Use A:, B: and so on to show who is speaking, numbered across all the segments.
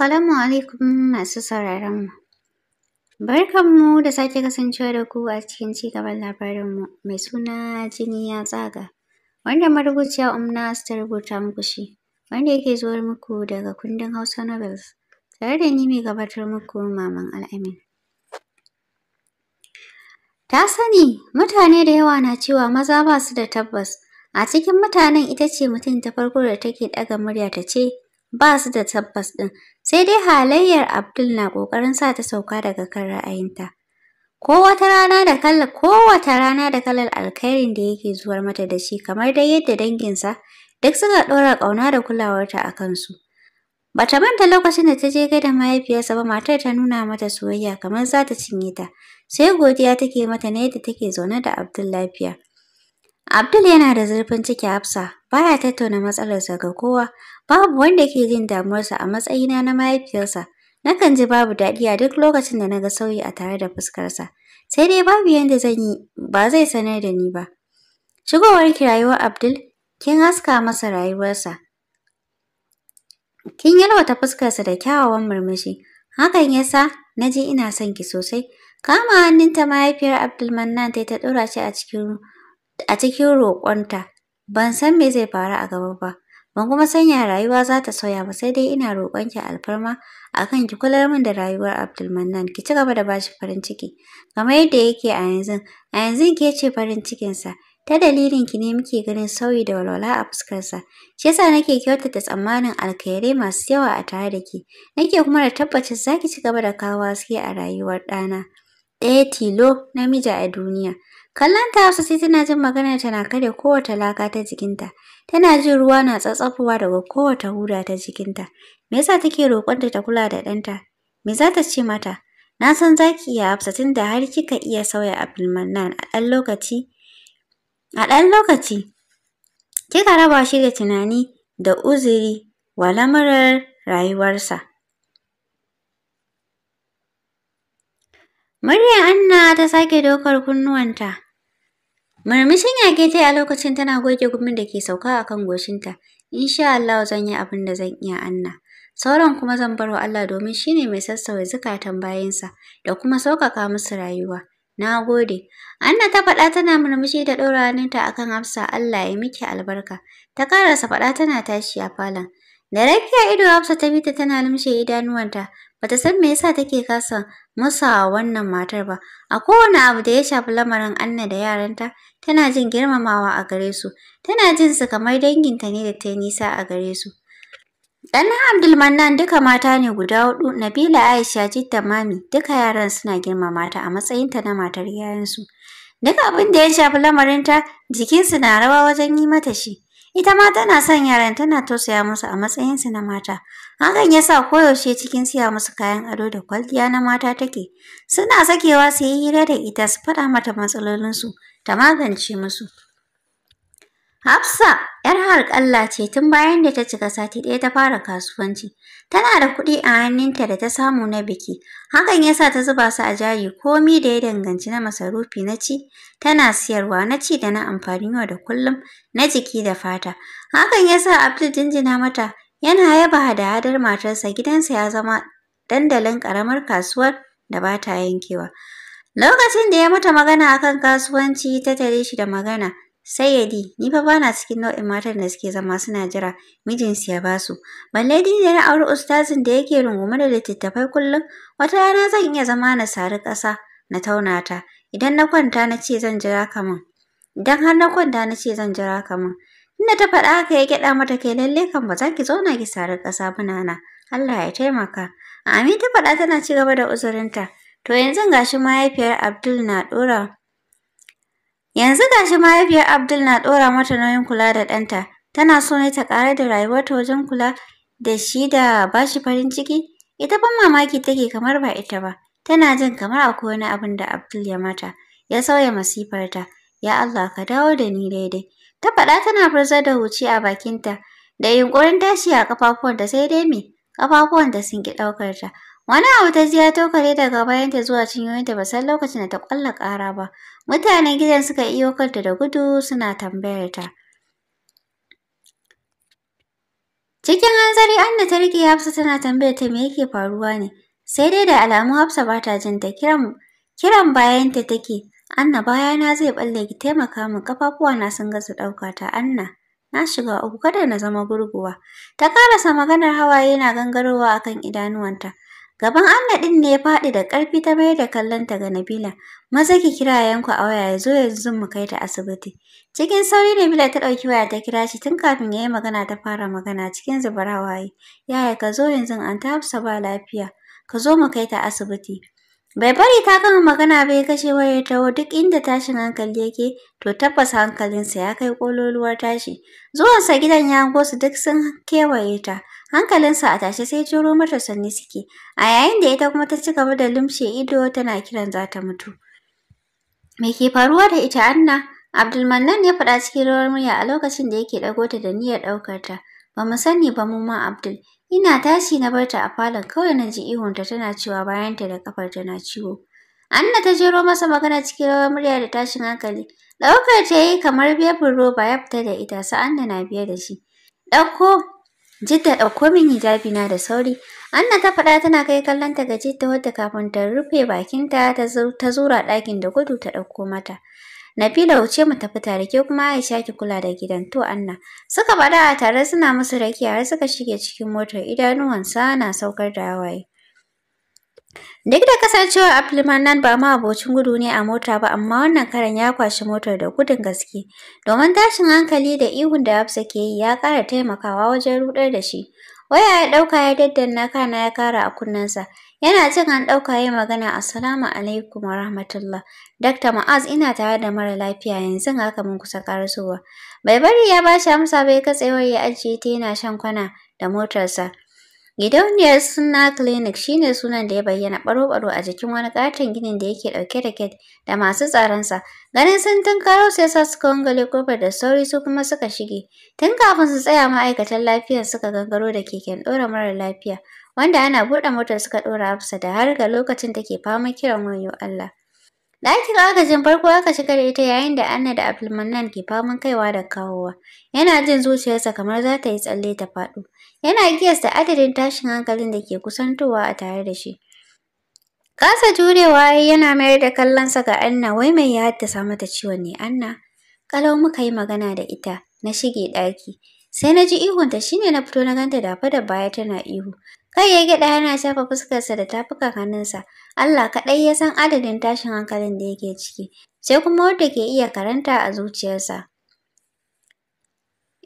A: Assalamu alaikum masu sauraron mu. Barkanmu da sake kasancewa da ku a cikin cigaban labarinmu mai suna jini ya tsaga, wanda marubuciya Umna ta rubuta muku shi, wanda yake zuwa muku daga kundin Hausa Novels, tare da ni mai gabatar muku Maman Al'amin. Ta sani mutane da yawa na cewa maza ba su da tabbas, a cikin mutanen ita ce mutum ta farko da take ɗaga murya ta ce, ba su da tabbas ɗin, sai dai halayyar Abdul na ƙoƙarin sa ta sauka daga kan ra'ayinta. Ko wata rana da kalar kowace rana da kalar alkhairin da yake zuwar mata da shi kamar dai yadda danginsa duk suka ɗora ƙauna da kulawarta a kansu. Bata manta lokacin da ta je da mahaifiyarsa ba matar ta nuna mata soyayya kamar za ta cinye ta, sai godiya take mata na yadda take zaune da Abdul lafiya. Abdul yana da zurfin ciki Hafsa, baya tattauna matsalarsa ga kowa, Babu wanda ke jin damuwarsa a matsayina na mahaifiyarsa. Nakan ji babu daɗi a duk lokacin da na ga sauyi a tare da fuskarsa. Sai dai babu yadda zan yi, ba zai sanar da ni ba. Shigowar ki rayuwar Abdul, kin haska masa rayuwarsa. Kin yalwata fuskarsa da kyawawan murmushi. Hakan ya sa na ji ina son ki sosai. Kama hannunta mahaifiyar Abdul ta ta ɗora shi a cikin a cikin roƙonta. Ban san me zai faru a gaba ba. Ban kuma san ya rayuwa za ta sauya ba sai dai ina roƙon ki alfarma akan ki kular min da rayuwar Abdulmannan ki ci gaba da bashi farin ciki kamar yadda yake a yanzu. A yanzu ke ce farin cikinsa. Ta dalilin ki ne muke ganin sauyi da walwala a fuskar sa. Shi yasa nake kyautata tsammanin alkhairai masu yawa a tare da ki. Nake kuma da tabbacin zaki ci gaba da kawo haske a rayuwar ɗana. Ɗaya tilo namiji a duniya. Kallon ta Hafsa sai tana jin maganar tana kare kowace laka ta jikinta. Tana jin ruwa na tsatsafowa daga kowace huda ta jikinta. Me yasa take roƙonta ta kula da ɗanta? Me za ta ce mata? Na san za ki iya hafsa tun da har kika iya sauya Abdulmannan a ɗan lokaci. A ɗan lokaci, kika raba shi da tunani da uzuri wa lamurar rayuwarsa. Muryar Anna ta sake dokar kunnuwanta. Murmushin yake ta a lokacin tana goge gumin da ke sauka a kan goshinta. Insha Allah zan yi abin da zan iya Anna. Sauran kuma zan bar wa Allah domin shi ne mai sassauya zukatan bayansa da kuma sauƙaƙa musu rayuwa. Na gode. Anna ta faɗa tana murmushi da ɗora hannunta akan Hafsa Allah ya miki albarka. Ta ƙarasa faɗa tana tashi a falon. Da rakiya ido Hafsa ta bita tana lumshe idanuwanta bata san me yasa take kasa musa wannan matar ba. A kowane abu da ya shafi lamarin Anna da yaranta tana jin girmamawa a gare su, tana jin su kamar danginta ne da ta nisa a gare su. dan Abdulmannan duka mata ne guda hudu Nabila Aisha Jitta Mami duka yaran suna girmama ta a matsayinta na matar yayansu. Duka abin da ya shafi lamarin ta, jikinsu na rawa wajen yi mata shi. Ita ma tana son yaran tana tausaya musu a matsayinsu na mata. Hakan yasa sa koyaushe cikin siya musu kayan ado da kwalliya na mata take. Suna sakewa su yi hira da ita su faɗa mata matsalolin su ta magance musu. Hafsa ‘yar harƙalla ce tun bayan da ta cika sati ɗaya ta fara kasuwanci. Tana da kuɗi a hannunta da ta samu na biki, hakan ya sa ta zuba su a jari komi da ya danganci na masarufi na ci, tana siyarwa na ci da na amfani yau da kullum na jiki da fata. Hakan ya sa Abdul jinjina mata yana yaba hada-hadar matarsa gidansa ya zama dandalin ƙaramar kasuwar da ba ta yankewa. Lokacin da ya mata magana akan kasuwanci ta tare shi da magana, sai ya di, ni fa bana cikin nau'in matan da suke zama suna jira mijinsu ya basu. Balle din da na auri ustazin da yake rungume da littattafai kullum, wata rana zan iya zama na sari ƙasa na taunata. Idan na kwanta na ce zan jira kaman. Idan har na kwanta na ce zan jira ka min. Inda ta faɗa haka ya gyaɗa mata kai lalle kan ba za ki zauna ki sari ƙasa ba na Allah ya taimaka. Amin ta faɗa tana ci gaba da uzurinta. To yanzu gashi mahaifiyar Abdul na ɗora Yanzu gashi mahaifiyar Abdul na ɗora mata nauyin kula da ɗanta. Tana so ne ta ƙara da rayuwar ta wajen kula da shi da bashi farin ciki. Ita ban mamaki take kamar ba ita ba. Tana jin kamar akwai wani abin da Abdul ya mata. Ya sauya masifarta. Ya Allah ka dawo da ni daidai. Ta faɗa tana furza da huci a bakinta da yunƙurin tashi a ƙafafuwanta sai dai me ƙafafuwanta sun ki ɗaukar ta. Wani abu ta ziya tokare daga bayanta zuwa cinyoyinta ba san lokacin da ta kwalla kara ba. Mutanen gidan suka iyo kanta da gudu suna tambayar ta. Cikin hanzari Anna ta rike Hafsa tana tambayar ta me yake faruwa ne. Sai dai da alamu Hafsa ba ta jin ta kiran kiran bayanta take. Anna baya na zai balle ki taimaka min kafafuwa na sun gaza ɗauka ta Anna. Na shiga uku kada na zama gurguwa. Ta karasa maganar hawaye na gangarowa akan idanuwanta. Gaban Allah din ne ya faɗi da ƙarfi ta bayar da kallon ta ga Nabila. Maza ki kira yanku a waya ya zo yanzu mu kai ta asibiti. Cikin sauri Nabila ta ɗauki waya ta kira shi tun kafin ya yi magana ta fara magana cikin zubar hawaye. Yaya ka zo yanzu an ta hafsa ba lafiya. Ka zo mu kai ta asibiti. Bai bari ta gama magana ba ya kashe wayar taho duk inda tashin hankali yake to tabbas hankalinsa ya kai ƙololuwar tashi. Zuwansa gidan ya gosu duk sun kewaye ta. Hankalinsa a tashe sai jiro mata sanni suke, a yayin da ita kuma ta ci gaba da lumshe ido tana kiran za ta mutu. Me ke faruwa da ita Anna? Abdulmannan ya faɗa cikin rawar murya a lokacin da yake ɗago ta da niyyar ɗaukar ta. Ba mu sani ba mu ma Abdul. Ina tashi na barta a falon kawai na ji ihunta tana cewa ta da kafar tana ciwo. Anna ta jero masa magana cikin rawar murya da tashin hankali. Ɗaukar ta yi kamar bebin roba ya fita da ita sa'an na biye da shi. Ɗauko Jidda ɗauko min hijabi na da sauri. Anna ta faɗa tana kai kallon ta ga Jidda wadda kafin ta rufe bakinta ta zura ɗakin da gudu ta ɗauko mata. Nabila wuce mu tafi tare ke kuma Aisha ki kula da gidan to Anna. Suka faɗa a tare suna musu rakiya har suka shige cikin motar idanuwansa na saukar da hawaye. Duk da kasancewar Abdulmanan ba ma abocin gudu ne a mota ba amma wannan karan ya kwashi motar da gudun gaske domin tashin hankali da ihun da Hafsa ke yi ya ƙara taimakawa wajen rudar da shi. Waya ya ɗauka ya daddanna kana ya ƙara a sa? Yana jin an ɗauka ya magana assalamu alaikum wa rahmatullah. Dakta Ma'az ina tare da mara lafiya yanzu haka mun kusa ƙarasowa. Bai bari ya ba ya amsa bai ya ajiye ta yana shan kwana da motarsa. Gidauniyar Sunna Clinic shine sunan da ya bayyana baro-baro a jikin wani katon ginin da yake dauke da ket da masu tsaronsa. Ganin sun tunkaro sai sa suka wangale kofar da sauri su kuma suka shige. Tun kafin su tsaya ma'aikatan lafiyar suka gangaro da keken ɗora mara lafiya, wanda ana buɗe motar suka ɗora Hafsa da har ga lokacin take fama kiran wayo Allah. Ɗakin agajin farko aka shiga da ita yayin da Anna da Abdulmannan ke faman kaiwa da kawowa. Yana jin zuciyarsa kamar za ta yi tsalle ta faɗo. Yana giyasta adadin tashin hankalin da ke kusantowa a tare da shi. Kasa jurewa yana mayar da kallonsa ga Anna wai mai ya haddasa mata ciwon ne Anna. Kalau muka yi magana da ita na shige ɗaki. Sai na ji ihunta shine na fito na ganta dafa da baya tana ihu. Kai ya gyaɗa yana shafa fuskarsa da tafukan hannunsa. Allah kaɗai ya san adadin tashin hankalin da yake ciki, sai kuma wanda ke iya karanta a zuciyarsa.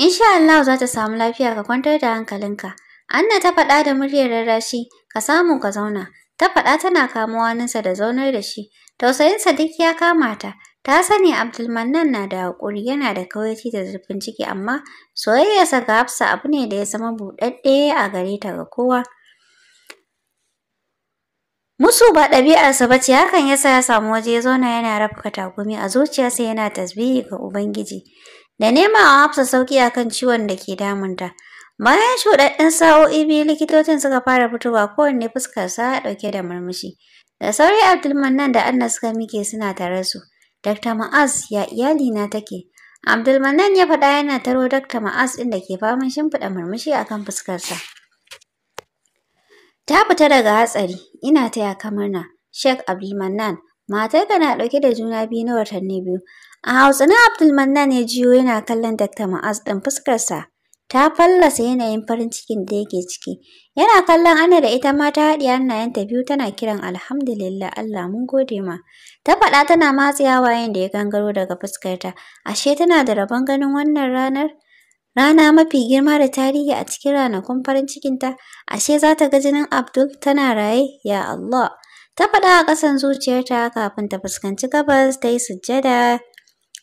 A: Insha Allah za ta samu lafiya ka kwantar da hankalinka. Anna ta faɗa da muryar rarrashi, ka samu ka zauna. Ta faɗa tana kamuwa waninsa da zaunar da shi. Tausayinsa duk ya kamata. Ta sani Abdulmannan na da haƙuri yana da kawaici da zurfin ciki amma soyayyarsa ga Hafsa abu ne da ya zama buɗaɗɗe a gare ta ga kowa. Musu ba ɗabi'arsa ba ce hakan yasa ya samu waje ya zauna yana rafka takumi a zuciyarsa yana tasbihi ga Ubangiji da nema a Hafsa sauki akan ciwon da ke damunta. Bayan shuɗaɗɗen sa'o'i biyu likitocin suka fara fitowa kowanne fuskarsa ɗauke da murmushi. Da sauri Abdulmannan da Anna suka mike suna tare su. Dr. Ma'az ya iyali na take. Abdulmanan ya faɗa yana taro Dr. Ma'az ɗin da ke faman shimfiɗa murmushi akan kan fuskarsa. Ta fita daga hatsari, ina taya kamar na Sheikh Abdulmanan, matarka na ɗauke da juna biyu na watanni biyu. A hausa na Abdulmanan ya jiyo yana kallon Dr. Ma'az ɗin fuskarsa ta fallasa yanayin farin cikin da yake ciki. Yana kallon Anna da ita ma ta haɗe ta biyu tana kiran alhamdulillah Allah mun gode ma. Ta faɗa tana matsewa wa da ya gangaro daga fuskarta. Ashe tana da rabon ganin wannan ranar? Rana mafi girma da tarihi a cikin ranakun farin cikinta, ashe za ta ga jinin Abdul tana raye, ya Allah. Ta faɗa a ƙasan zuciyarta kafin ta fuskanci gabas ta yi sujjada,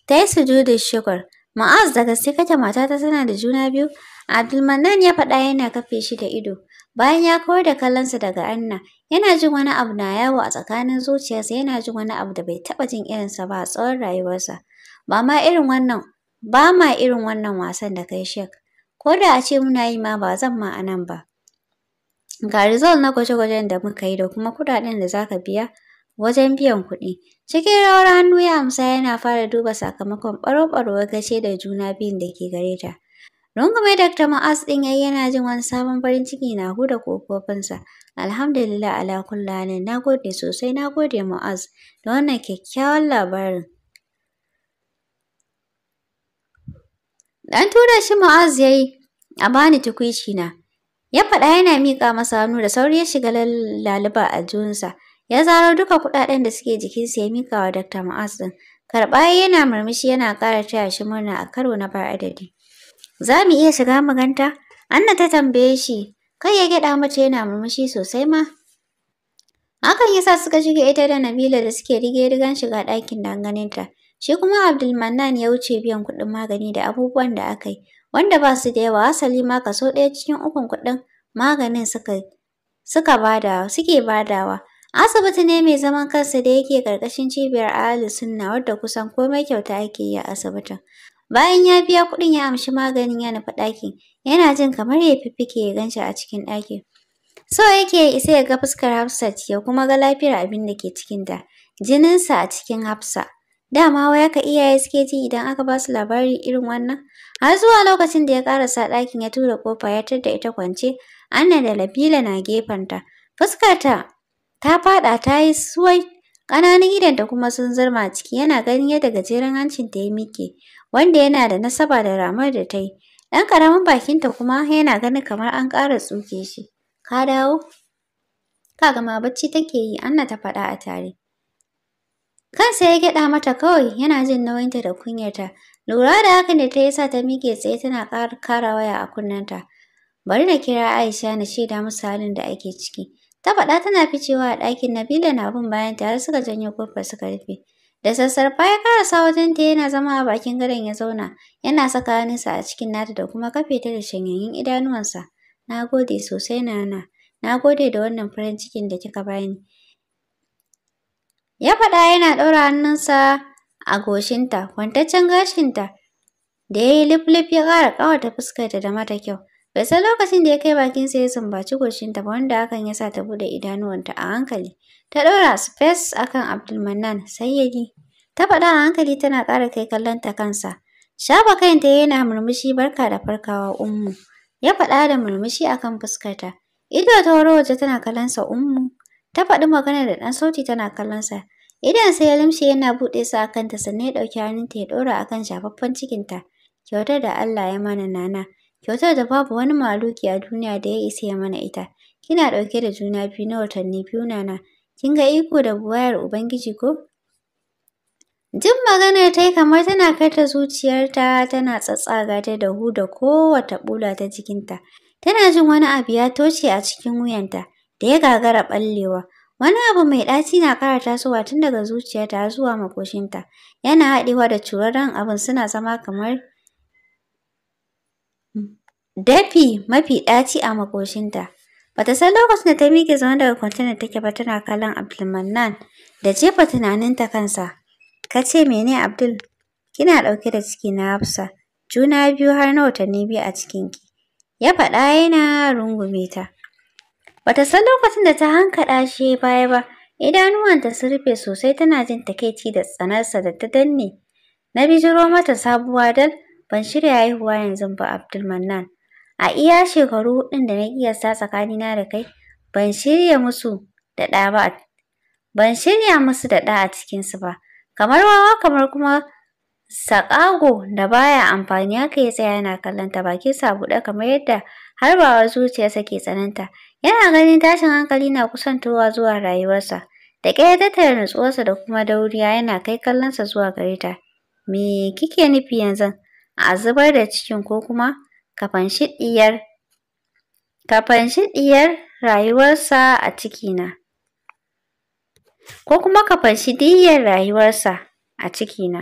A: ta yi sujudin shukur. Ma'az da gaske kake matata tana da juna biyu? Abdulmanan ya faɗa yana kafe shi da ido. Bayan ya kawar da kallonsa daga Anna, yana jin wani abu na yawo a tsakanin zuciyarsa yana jin wani abu da bai taɓa jin irinsa ba a tsawon rayuwarsa. Ba ma irin wannan, ba ma irin wannan wasan da kai shek. Ko da a ce muna yi ma ba zan ma anan ba. Ga result na gwaje-gwajen da muka yi da kuma kuɗaɗen da za ka biya, wajen biyan kuɗi. Cikin rawar hannu ya amsa yana fara duba sakamakon ɓaro-ɓaro da juna biyun da ke gare ta. Rungume Dr. Ma'az ɗin yayi yana jin wani sabon farin ciki na huda kofofinsa. Alhamdulillah ala kulli halin na gode sosai na gode Ma'az da wannan kyakkyawan labarin. Ɗan tura shi Ma'az ya yi, a bani tukuici na. Ya faɗa yana miƙa masa hannu da sauri ya shiga laluba a junsa. Ya zaro duka kuɗaɗen da suke jikinsa ya mika wa Dr. Ma'az ɗin. Karɓa yana murmushi yana ƙara taya shi murna a karo na bar adadi. Za mu iya shiga maganta Anna ta tambaye shi. Kai ya gyaɗa mata yana murmushi sosai ma. Hakan yasa suka shige ita da Nabila da suke rige rigan shiga ɗakin ta Shi kuma Abdulmannan ya wuce biyan kuɗin magani da abubuwan da akai wanda ba su da yawa asali ma kaso ɗaya cikin ukun kuɗin maganin suka suka bada suke badawa. Asibiti ne mai zaman kansa da yake ƙarƙashin cibiyar Ahlus Sunna wadda kusan komai kyauta ake yi a asibitin. Bayan ya biya kuɗin ya amshi maganin ya nufi ɗakin, yana jin kamar ya fiffike ya ganci a cikin ɗakin. So yake isa ya ga fuskar Hafsat ya kuma ga lafiyar abin da ke cikinta, jininsa a cikin Hafsa. Dama wai ka iyaye suke ji idan aka ba su labari irin wannan? Har zuwa lokacin da ya ƙarasa ɗakin ya tura kofa ya tadda ita kwance, Anna da Labila na gefenta. Fuskarta Ta faɗa ta yi suwai, ƙananan da kuma sun zurma ciki yana ganin yadda gajeren hancin ta ya miƙe, wanda yana da nasaba da ramar da ta yi. Ɗan bakin ta kuma yana ganin kamar an ƙara tsuke shi. Ka dawo? Ka gama bacci take yi, Anna ta faɗa a tare. Kansa ya gyaɗa mata kawai yana jin nauyin ta da kunyarta. Lura da haka ne ta yasa ta miƙe tsaye tana ƙara kara waya a kunnenta. Bari na kira Aisha na shaida musu halin da ake ciki. Ta faɗa tana ficewa a ɗakin Nabila na bin bayan har suka janyo kofar suka rufe. Da sassarfa ya karasa wajen ta yana zama a bakin gadon ya zauna, yana saka hannunsa a cikin nata da kuma kafe ta da shanyayyun idanuwansa. Na gode sosai Nana, na gode da wannan farin cikin da kika bani. Ya faɗa yana ɗaura hannunsa a goshinta, kwantaccen gashinta da ya yi lif-lif ya ƙara ƙawata fuskarta da mata kyau. bai san lokacin da ya kai bakin bakinsa ya sumbaci goshinta ba wanda hakan ya sa ta bude idanuwanta a hankali ta ɗora space akan abdulmanan sai ya ji ta faɗa a hankali tana ƙara kai kallon ta kansa shafa kanta yana murmushi barka da farkawa ummu ya faɗa da murmushi akan fuskarta ido ta waro waje tana kallonsa ummu ta faɗi magana da ɗan sauti tana kallonsa idan sai ya limshe yana buɗe sa akan ta sannan ya ɗauki hannunta ya ɗora akan shafaffen cikinta kyautar da Allah ya mana nana Kyautar da babu wani mahaluki a duniya da ya isa ya mana ita. Kina ɗauke da juna biyu na watanni biyu nana. Kin ga iko da buwayar Ubangiji ko? Jin maganar ta yi kamar tana karta zuciyarta tana ga ta da huda kowata bula ta jikinta. Tana jin wani abu ya toce a cikin wuyanta da ya gagara ɓallewa. Wani abu mai ɗaci na ƙara tasowa tun daga zuciyarta zuwa makoshinta. Yana haɗewa da ran abin suna zama kamar dafi mafi ɗaci a makoshinta. Bata san lokacin da ta miƙe zama daga kwantenar take ba tana kallon Abdulmannan da jefa tunaninta kansa. Ka ce mene Abdul? Kina ɗauke da ciki na Hafsa. Juna biyu har na watanni biyu a cikinki. Ya faɗa yana rungume ta. Bata san lokacin da ta hankaɗa shi baya ba. Idanuwanta sun rufe sosai tana jin takaici da tsanarsa da ta danne. Na bijiro mata sabuwa dal ban shirya haihuwa yanzu ba Abdulmannan. A iya shekaru huɗun da na iya ƙiyasta tsakanina da kai, ban shirya musu da ɗa ba, ban shirya musu da ɗa a cikinsu ba, kamar wawa kamar kuma saƙago da baya amfani haka ya tsaya yana kallon ta bakin sa buɗe kamar yadda harbawar zuciyarsa ke tsananta. Yana ganin tashin hankali na kusantowa zuwa rayuwarsa. Da ƙyar tattara nutsuwarsa da kuma dauriya yana kai kallonsa zuwa gare ta. Me kike nufi yanzu? A zubar da cikin ko kuma kafanshiɗiyar rayuwarsa a cikina, ko kuma kafanshiɗiyar rayuwarsa a cikina.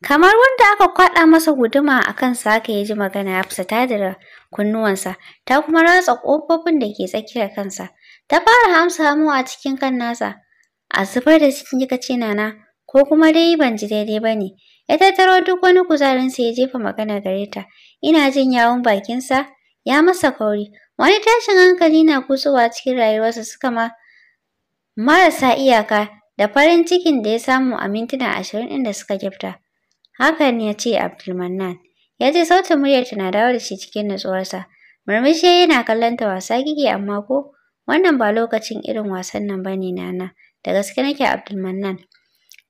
A: Kamar wanda aka kwaɗa masa guduma a kansa haka ya ji magana ya fusa tadira kunnuwansa ta kuma ratsa ƙofofin da ke tsakiyar kansa ta fara hamsa mu a cikin kan nasa a zubar da cikin kika ce nana ko kuma dai ban ji daidai ba ne ya tattaro duk wani kuzarin sa ya jefa magana gare ta ina jin yawun bakinsa ya masa kauri wani tashin hankali na kusowa cikin rayuwarsa suka ma marasa iyaka da farin cikin da ya samu a mintuna ashirin inda da suka gifta. Hakan ya ce Abdulmannan. Ya ce sautin muryarta na dawo da shi cikin natsuwarsa. Murmushi yana kallon ta wasa gige amma ko wannan ba lokacin irin wasan nan bane nana. da gaske nake Abdulmannan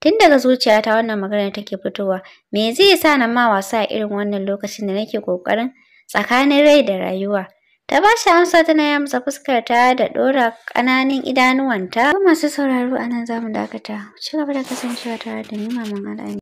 A: tun daga zuciyata wannan magana take fitowa me zai sa na ma wasa a irin wannan lokacin da nake kokarin tsakanin rai da rayuwa ta ba shi amsa tana yamsa fuskar ta da dora ƙananan idanuwanta masu sauraro anan zamu dakata ci gaba da kasancewa tare da ni maman al'amin